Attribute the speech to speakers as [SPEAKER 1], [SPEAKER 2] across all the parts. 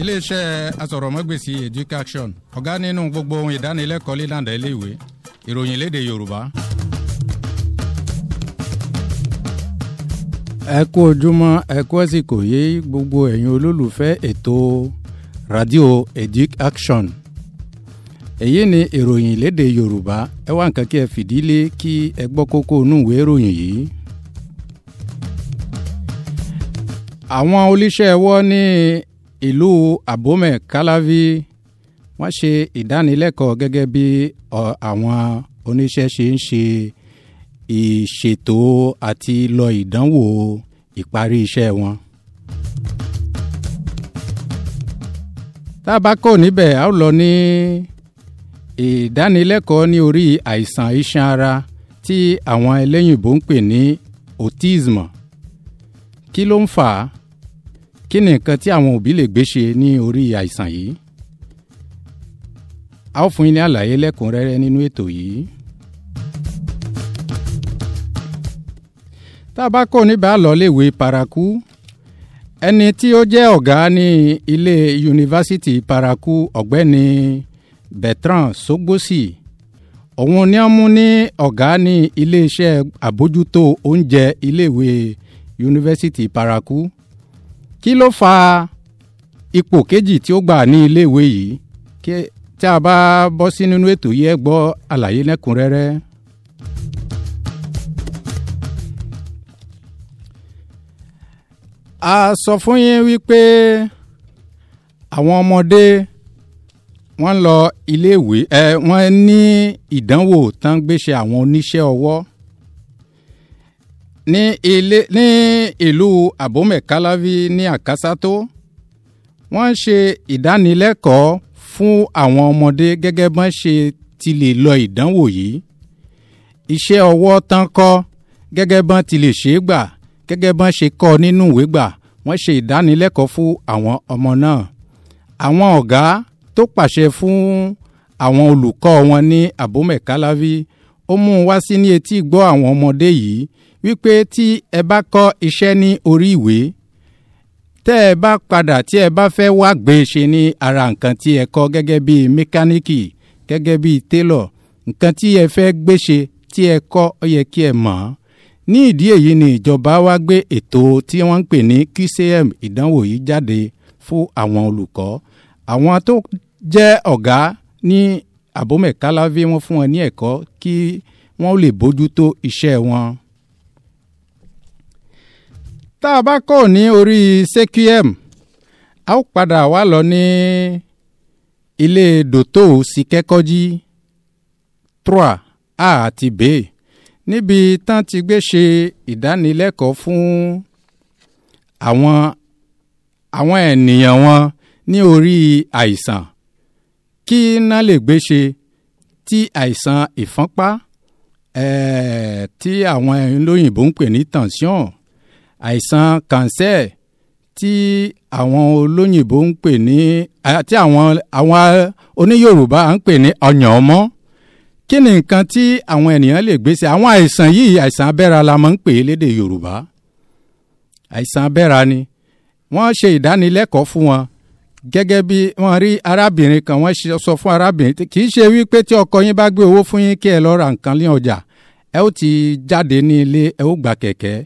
[SPEAKER 1] iléeṣẹ́ asọ̀rọ̀mọ́gbèsì education ọ̀gá nínú gbogbo ohun ìdánilẹ́kọ̀ọ́ lílànà iléèwé ìròyìn léde yorùbá. ẹ kú ojúmọ́ ẹ kú àsìkò yìí gbogbo ẹ̀yin olólùfẹ́ ètò radio education èyí ni ìròyìn léde yorùbá ẹ wá nǹkan kí ẹ fìdílé kí ẹ gbọ́ kókó inú ìwé ìròyìn yìí. àwọn oníṣẹ́ ẹwọ́ ní ìlú abome kalavi wọ́n ṣe ìdánilẹ́kọ̀ọ́ gẹ́gẹ́ bí àwọn oníṣẹ́ ṣe ń ṣe ìṣètò àti lọ ìdánwò ìparí iṣẹ́ wọn. tá a bá kò níbẹ̀ a ó lọ ní ìdánilẹ́kọ̀ọ́ ní orí àìsàn iṣan ara tí àwọn ẹlẹ́yìnbó ń pè ní autism kí ló ń fà á kí ni nǹkan tí àwọn òbí lè gbé ṣe ní orí àìsàn yìí a ó fún yín ní àlàyé lẹ́kùnrẹ́rẹ́ nínú ètò yìí. tá a léwe paraku ẹni tí ó jẹ́ ọ̀gá ní ilé yunifásitì paraku ọ̀gbẹ́ni Bertrand Sogbosi òun ni wọ́n mú ní ọ̀gá ní iléeṣẹ́ àbójútó oúnjẹ iléèwé yunifásitì paraku kí ló fa ipò kejì tí ó gbà ní iléèwé yìí kí tí a bá bọ́ sí nínú ètò yìí ẹ gbọ́ àlàyé lẹ́kùnrẹ́rẹ́. a sọ fún yín wípé àwọn ọmọdé wọ́n lọ iléèwé ẹ wọ́n ní ìdánwò tán gbéṣẹ́ àwọn oníṣẹ́ ọwọ́ ní ilé ní ìlú abomekalavi ní àkásátó wọ́n ṣe ìdánilẹ́kọ̀ọ́ fún àwọn ọmọdé gẹ́gẹ́ bọ́n ṣe ti lè lọ ìdánwò yìí iṣẹ́ ọwọ́ tán kọ́ gẹ́gẹ́ bọ́n ti lè ṣe é gbà gẹ́gẹ́ bọ́n ṣe kọ́ nínú ìwé gbà wọ́n ṣe ìdánilẹ́kọ̀ọ́ fún àwọn ọmọ náà àwọn ọ̀gá tó pàṣẹ fún àwọn olùkọ́ wọn ní abomekalavi ó mú un wá sí ní etí gbọ́ àwọn ọmọdé yìí wípé tí ẹ bá kọ́ iṣẹ́ ní orí ìwé tẹ́ ẹ bá padà tí ẹ bá fẹ́ wá gbé e ṣe ní ara nǹkan tí ẹ kọ́ gẹ́gẹ́ bí mẹkáníìkì gẹ́gẹ́ bí télọ̀ nǹkan tí ẹ fẹ́ gbé ṣe tí ẹ kọ́ ó yẹ kí ẹ mọ̀ ọ́ ní ìdí èyí ni ìjọba wá gbé ètò tí wọ́n ń pè ní QCM e ìdánwò yìí jáde fún àwọn olùkọ́ àwọn tó jẹ́ ọ̀gá ní àbómẹ̀kálávé wọ́n fún wọn ní ẹ̀kọ́ kí wọ́n lè bójútó iṣẹ́ wọn tá a bá kọ́ ní orí cqm a ó padà wá lọ ní ilé dòtò síkẹ́kọ́jí trois a àti b níbi tán ti gbé ṣe ìdánilẹ́kọ̀ọ́ fún àwọn àwọn ènìyàn wọn ní orí àìsàn kí iná lè gbé ṣe tí àìsàn ìfọ́npá ẹ̀ẹ́ tí àwọn olóyìnbó ń pè ní tension àìsàn kànsẹ́ tí àwọn olóyìnbó ń pè ní àti àwọn àwọn oníyorùbá ń pè ní ọ̀yàn ọmọ kí ni nǹkan tí àwọn ènìyàn lè gbé sí àwọn àìsàn yìí àìsàn abẹ́ra la máa ń pè é lédè yorùbá àìsàn abẹ́ra ni wọ́n ṣe ìdánilẹ́kọ̀ọ́ fún wọn gẹ́gẹ́ bí wọ́n rí arábìnrin kan wọ́n sọ fún arábìnrin kì í ṣe wípé tí ọkọ yín bá gbé owó fún yín kí ẹ lọ ra nǹkan ní ọjà ẹ ó ti jáde ní ilé ẹ ó gba kẹ̀kẹ́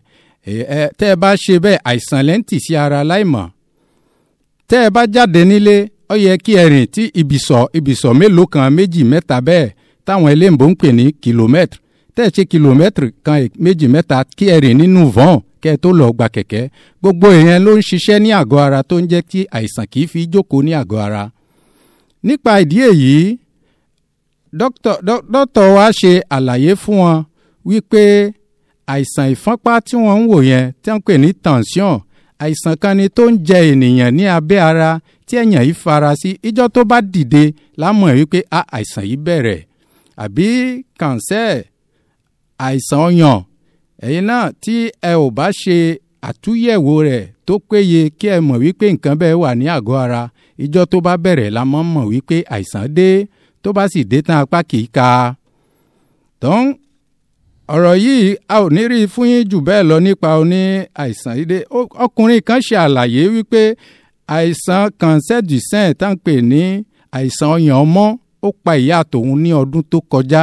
[SPEAKER 1] ẹ tẹ́ ẹ bá ṣe bẹ́ẹ̀ àìsàn lẹ́ ń tì sí ara láìmọ̀ tẹ́ ẹ bá jáde nílé ó yẹ kí ẹ rìn tí ibìsọ̀ ibìsọ̀ mélòó kan méjì mẹ́ta bẹ́ẹ̀ táwọn eléǹbó ń pè ní kìlómẹ́tì tẹ́ ẹ ṣe kìlómẹ́tì kan méjì mẹ́ta kí ẹ rìn nínú vọ́n kẹ́ ẹ tó lọ gba kẹ̀kẹ́ gbogbo ìyẹn ló ń ṣiṣẹ́ ní àgọ́ ara tó ń jẹ́ kí àìsàn kì í fi jókòó ní àgọ́ ara nípa ìdí èyí dókítà wa ṣe àlàyé fún wọn wípé àìsàn ìfọ́npá tí wọ́n ń wò yẹn tí wọ́n ń pè ní tension àìsàn kan ni tó ń jẹ ènìyàn ní abẹ́ ara tí ẹ̀yàn yìí fara sí ìjọ́ tó bá dìde lámọ̀ wípé a ah, àìsàn yìí bẹ̀rẹ̀ àbí kànsẹ́ àìsàn ọyàn ẹ̀yin náà tí ẹ ò bá ṣe àtúnyẹ̀wò rẹ̀ tó péye kí ẹ mọ̀ wípé nǹkan bẹ́ẹ̀ wà ní àgọ́ ara ìjọ́ tó bá bẹ̀rẹ̀ la mọ̀ mọ̀ wípé àìsàn dé tó bá sì dé tán apá kìí ka. tọ́n ọ̀rọ̀ yìí a ò ní rí i fún yín jù bẹ́ẹ̀ lọ nípa oní àìsàn ìdè ọkùnrin kan ṣe àlàyé wípé àìsàn cancer du sein tá ń pè ní àìsàn ọyàn ọmọ ó pa ìyá tòun ní ọdún tó kọjá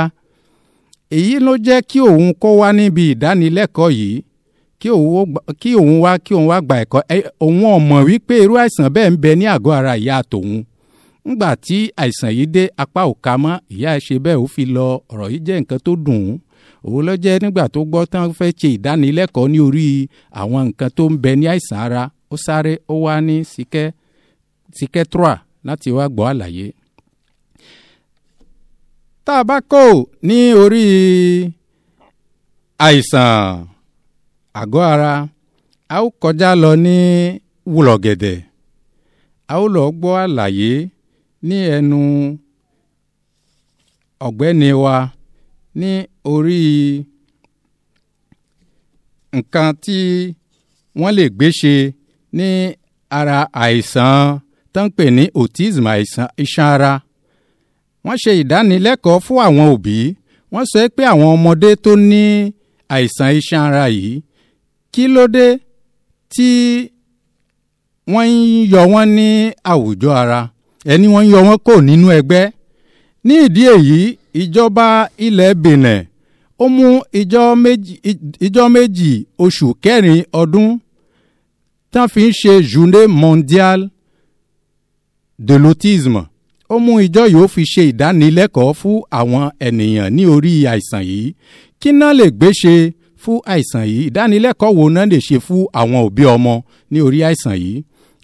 [SPEAKER 1] èyí ló jẹ́ kí òun kó wá níbi ìdánilẹ́kọ̀ọ́ yìí kí òun wá kí òun wá gba ẹ̀kọ́ òun ọ̀mọ̀ wípé irú àìsàn bẹ́ẹ̀ ń bẹ ní àgọ́ ara ìyá tòun ńgbà tí àìsàn yìí dé apá ò mọ́ ìyá ẹ̀ ṣe bẹ́ẹ̀ ó fi lọ ọ̀rọ̀ yìí jẹ́ nǹkan tó dùn ún òun ló jẹ́ nígbà tó gbọ́ tán fẹ́ ṣe ìdánilẹ́kọ̀ọ́ ní orí àwọn nǹkan tó ń bẹ ní àìsàn ara ó sáré ó wá ní sikẹ́ sikẹ́ trois láti wá gbọ́ àlàyé. tá a bá kó ara a ó kọjá lọ ní wùlọ̀gẹ̀dẹ̀ a ó lọ gbọ́ àlàyé ní ẹnu ọ̀gbẹ́ni wa ní orí nǹkan tí wọ́n lè gbé ṣe ní ara àìsàn tó ń pè ní autism àìsàn iṣan ara wọ́n ṣe ìdánilẹ́kọ̀ọ́ fún àwọn òbí wọ́n sọ pé àwọn ọmọdé tó ní àìsàn iṣan ara yìí kí ló dé tí wọ́n ń yọ wọ́n ní àwùjọ ara ẹni wọ́n ń yọ wọ́n kò nínú ẹgbẹ́ ní ìdí èyí ìjọba ilẹ̀ Benin ó mú ìjọ méjì oṣù kẹrin ọdún tán fi ń ṣe journée mondiale de l'autisme ó mú ìjọ yìí ó fi ṣe ìdánilẹ́kọ̀ọ́ fún àwọn ènìyàn ní orí àìsàn yìí kí náà lè gbé ṣe fún àìsàn yìí ìdánilẹ́kọ̀ọ́ wo náà lè ṣe fún àwọn òbí ọmọ ní orí àìsàn yìí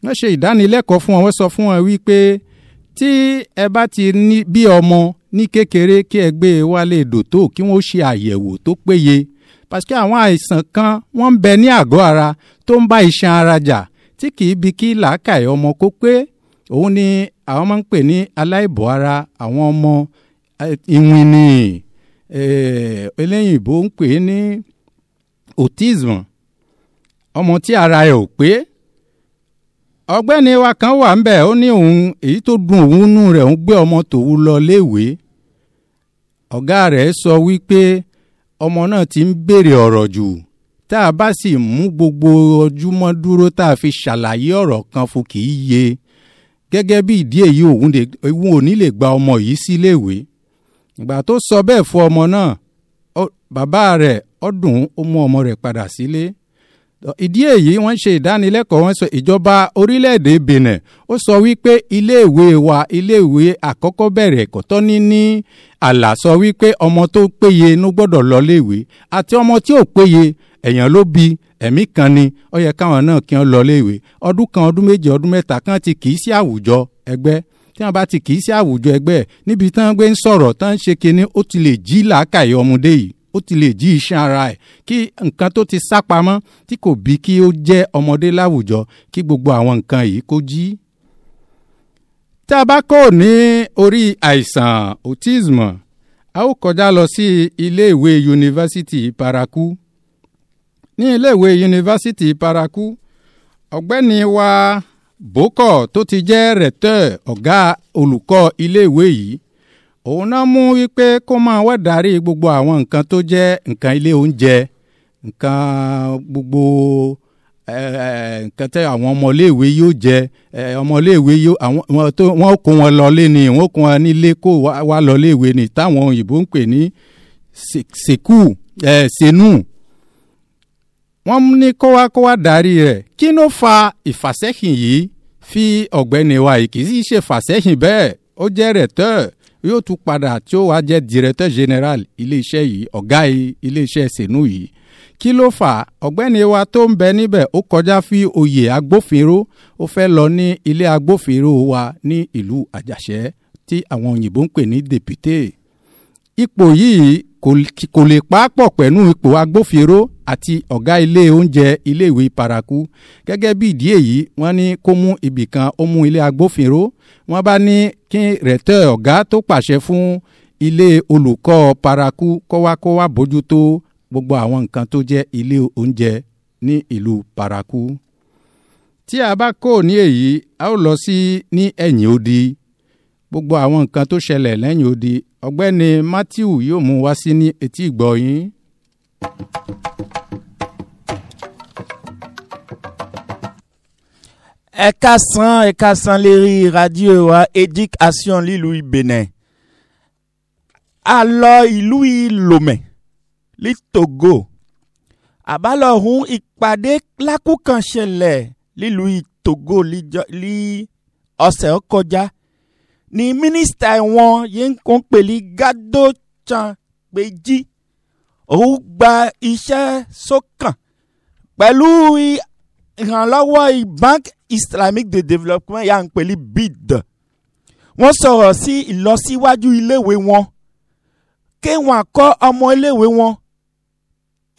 [SPEAKER 1] wọ́n ṣe ìdánilẹ́kọ̀ọ́ fún wọn wọ́n sọ fún wọn wípé tí ẹ bá ti ní bí ọmọ ní kékeré kí ẹgbẹ́ wa lè dòtó kí wọ́n ṣe àyẹ̀wò tó péye pàṣẹ àwọn àìsàn kan wọ́n ń bẹ ní àgọ́ ara tó ń bá iṣan ara jà tí kì í bi kí làákàyè ọmọ kó pé òun ni àwọn máa ń pè ní aláìbọ̀ ara àwọn ọmọ eh, ìwìn eh, eléyìnbó ń pè ní autism ọmọ tí ara ẹ̀ ò pé ọ̀gbẹ́ni wa kan wà ń bẹ̀ ó ní òun èyí tó dùn òun nù rẹ̀ òun gbé ọmọ tòun lọ léèwé ọ̀gá rẹ̀ sọ wípé ọmọ náà ti ń béèrè ọ̀rọ̀ jù tá a bá sì mú gbogbo ojúmọ́ dúró tá a fi ṣàlàyé ọ̀rọ̀ kan fún kì í yé gẹ́gẹ́ bí ìdí èyí òun ò lè gba ọmọ yìí síléèwé ìgbà tó sọ bẹ́ẹ̀ fún ọmọ náà bàbá rẹ̀ ọdún ó mú ọmọ rẹ̀ padà sílé. Si ìdí èyí wọ́n ṣe ìdánilẹ́kọ̀ọ́ wọ́n sọ ìjọba orílẹ̀-èdè Benin ó sọ wípé iléèwé wa iléèwé àkọ́kọ́ bẹ̀rẹ̀ ẹ̀kọ́ tọ́ ní ní àlà sọ wípé ọmọ tó péye ló gbọ́dọ̀ lọ léèwé àti ọmọ tí ò péye èèyàn ló bí ẹ̀mí kan ni ó yẹ káwọn náà kí wọ́n lọ léèwé ọdún kan ọdún méjì ọdún mẹ́ta kan ti kì í sí àwùjọ ẹgbẹ́ tí wọn bá ti kì í sí àwùjọ ẹgbẹ́ níbi tí gbé ń sọ̀rọ̀ tí ń ṣe kinní ó ti lè jí làákàyè ọmọdé yìí ó ti lè jí iṣẹ́ ara ẹ̀ kí nǹkan tó ti sá pamọ́ tí kò bí kí ó jẹ́ ọmọdé láwùjọ kí gbogbo àwọn nǹkan yìí kó jí. tá ní orí àìsàn autism a ó kọjá lọ sí iléèwé yunifásitì paraku ní iléèwé yunifásitì paraku ọ̀gbẹ́ni wa bókọ̀ tó ti jẹ́ rẹ̀tọ́ ọ̀gá olùkọ́ iléèwé yìí òun náà mú wípé kó máa wá darí gbogbo àwọn nǹkan tó jẹ́ nǹkan ilé oúnjẹ nǹkan gbogbo nǹkan tẹ àwọn ọmọléèwé yóò jẹ ọmọléèwé yóò àwọn tó wọn kó wọn lọlé ni wọn kó wọn nílé kó wá lọléèwé ni táwọn òyìnbó ń pè ní sèkú senu wọn ní kó wá kó wá darí rẹ̀ kí fa ifasehin yìí fi ọ̀gbẹ́ni wa yìí kì í sì ṣe bẹ́ẹ̀ yóò tún padà tí ó wá jẹ́ directeur général iléeṣẹ́ yìí ọ̀gá iléeṣẹ́ senu yìí kí ló fà á ọ̀gbẹ́ni wa tó ń bẹ níbẹ̀ ó kọjá fi oyè agbófinró ó fẹ́ lọ ní ilé agbófinró wa ní ìlú àjàṣẹ́ tí àwọn òyìnbó ń pè ní député ipò yìí kò lè pàápọ̀ pẹ̀lú ipò agbófinró àti ọ̀gá ilé oúnjẹ iléèwé paraku gẹ́gẹ́ bí ìdí èyí wọ́n ní kó mú ibìkan ó mú ilé agbófinró wọ́n bá ní kí rẹ̀tẹ̀ ọ̀gá tó pàṣẹ fún ilé olùkọ́ paraku kọ́wákọ́wá bójútó gbogbo àwọn nǹkan tó jẹ́ ilé oúnjẹ ní ìlú paraku. tí a bá kò ní èyí a ó lọ sí ní ẹ̀yìn odi gbogbo àwọn nǹkan tó ṣẹlẹ̀ lẹ́yìn odi ọ̀gbẹ́ni matthew yóò mú wá sí ní etí ìgbọ́
[SPEAKER 2] yín. ẹ kásán ẹ kásán lérí rédíò wa éducation lílu Benin a lọ ìlú Lomé ní Togo àbálọ̀hún ìpàdé lákùkànṣẹlẹ̀ lílu Togo ní ọ̀sẹ̀ kọjá ni mínísítà wọn yìí ń pè ní Gado Tsanpeji òun gba iṣẹ́ sọ́kàn pẹ̀lú ìrànlọ́wọ́ bank islamic de development yà ń pè ní BID wọ́n sọ̀rọ̀ sí ìlọsíwájú iléèwé wọn ké wọn kọ́ ọmọ iléèwé wọn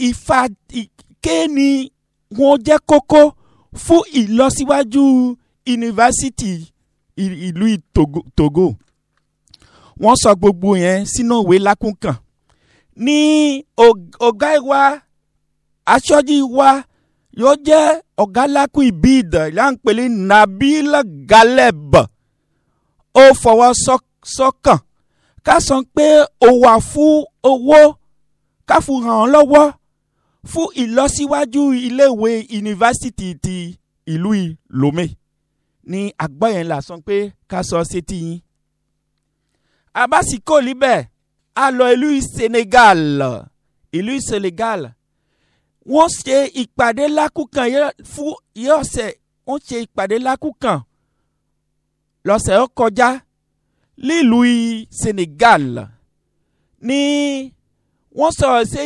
[SPEAKER 2] ìfà ké ni wọ́n jẹ́ kókó fún ìlọsíwájú yunifásitì ìlú Togo wọ́n sọ gbogbo yẹn sínú ìwé lákùnkàn ní ọ̀gá ìwà aṣọ́jú wa yóò jẹ́ ọ̀gálákù Ibid ìlànpẹ̀lẹ̀ Nabil Galeb ó fọwọ́ sọ́kàn ká sọ pé ó wà fún owó ká fún ràn án lọ́wọ́ fún ìlọsíwájú iléèwé yunifásitì ti ìlú Lomé ní àgbọ̀yẹn là sọ pé ká sọ sétí yín abasi kò rí bẹ́ẹ̀ a lọ ìlú Senegal ìlú Senegal wọ́n ṣe ìpàdé lákùkàn fún iye ọ̀sẹ̀ wọ́n ṣe ìpàdé lákùkàn lọ́sẹ̀ ó kọjá nílùú Senegal ní wọ́n sọ̀rọ̀ sí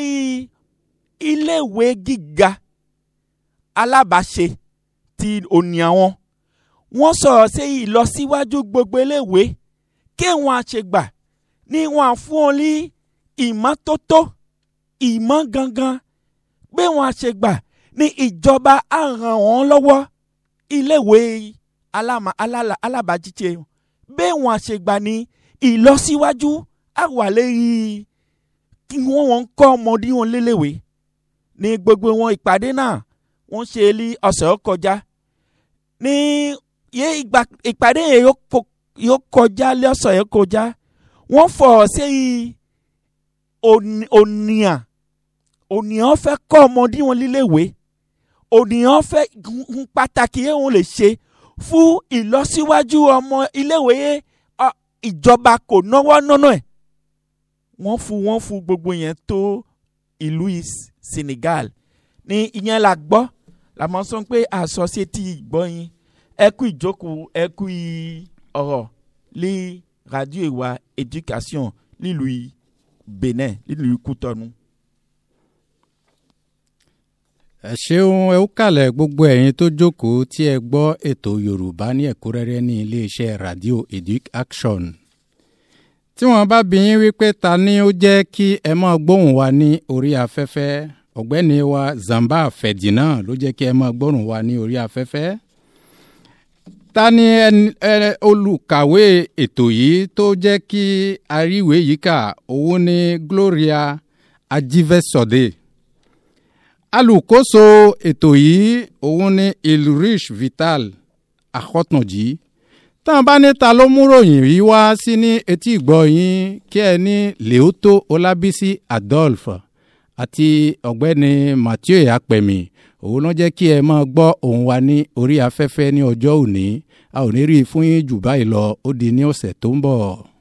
[SPEAKER 2] iléèwé gíga alábàáṣe ti ònìyàn wọn wọ́n sọ̀rọ̀ sí ìlọsíwájú gbogbo iléèwé kéwọn àṣegbà ní wọn fún ọ ní ìmọ́tótó ìmọ̀ gangan bí wọ́n á ṣe gbà ní ìjọba á ràn wọ́n lọ́wọ́ iléèwé alábàájíṣe bí wọ́n á ṣe gbà ni ìlọsíwájú á wà lérí kí wọ́n wọ́n kọ́ ọmọdé wọn léléèwé ní gbogbo wọn ìpàdé náà wọ́n ṣe lé ọ̀sẹ̀ kọjá ní yé ìpàdé yẹn yóò kọjá lé ọ̀sẹ̀ yẹn kọjá wọ́n fọ̀ sí ònìyàn ònìyàn fẹ́ kọ́ ọmọdé wọn líléèwé ònìyàn fẹ́ gun pàtàkì yẹn òun lè ṣe fún ìlọsíwájú ọmọ iléèwé ìjọba kò náwó nánà ẹ̀ wọ́n fún wọ́n fún gbogbo yẹn tó ìlú Senegal ní ìyẹn la gbọ́ làmọ́ sọ pé àsọsíétì ìgbọ́yin ẹ kú ìjókòó ẹ kú ọ̀rọ̀ lé radio ìwà education nílùú Benin nílùú Kútọ́nù
[SPEAKER 1] ẹ ṣeun ẹ ó kàlẹ̀ gbogbo ẹ̀yin tó jókòó tí ẹ gbọ́ ètò yorùbá ní ẹ̀kúnrẹ́rẹ́ ní iléeṣẹ́ radio educ action tí wọ́n bá bi yín wípé ta ni ó jẹ́ kí ẹ máa gbóhùn wa ní orí afẹ́fẹ́ ọ̀gbẹ́ni wa zamba fẹ̀dínà ló jẹ́ kí ẹ máa gbóhùn wa ní orí afẹ́fẹ́ ta ni olùkàwé ètò yìí tó jẹ́ kí aríwé yìí kà òun ni gloria ajivesode alùkóso ètò yìí òun ni Ulrich Vital àkọ́tànjì tán bá níta ló mú ròyìn yìí wá sí ní etí ìgbọ́ yín kí ẹ ní Leoto Olábísí Adolphe àti ọ̀gbẹ́ni Mathieu Apẹ̀mí òun ló jẹ́ kí ẹ máa gbọ́ òun wa ní orí afẹ́fẹ́ ní ọjọ́ òní a ò ní rí i fún yín jù báyìí lọ ó di ní ọ̀sẹ̀ tó ń bọ̀.